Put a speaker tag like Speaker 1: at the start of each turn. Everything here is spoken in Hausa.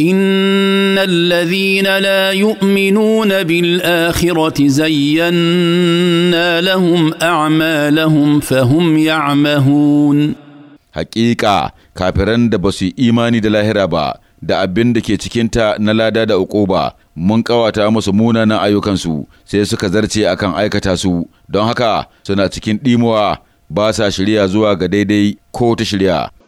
Speaker 1: ان الذين لا يؤمنون بالاخره
Speaker 2: زينا لهم اعمالهم فهم يعمهون
Speaker 3: حقيقه كافرن da basu imani da lahira ba da abin da ke cikinta na lada da uquba mun ƙawata musu munanan ayyukansu sai suka zarce akan aikata su don haka suna cikin ɗimuwa ba sa shirya zuwa
Speaker 4: ga daidai ko ta shirya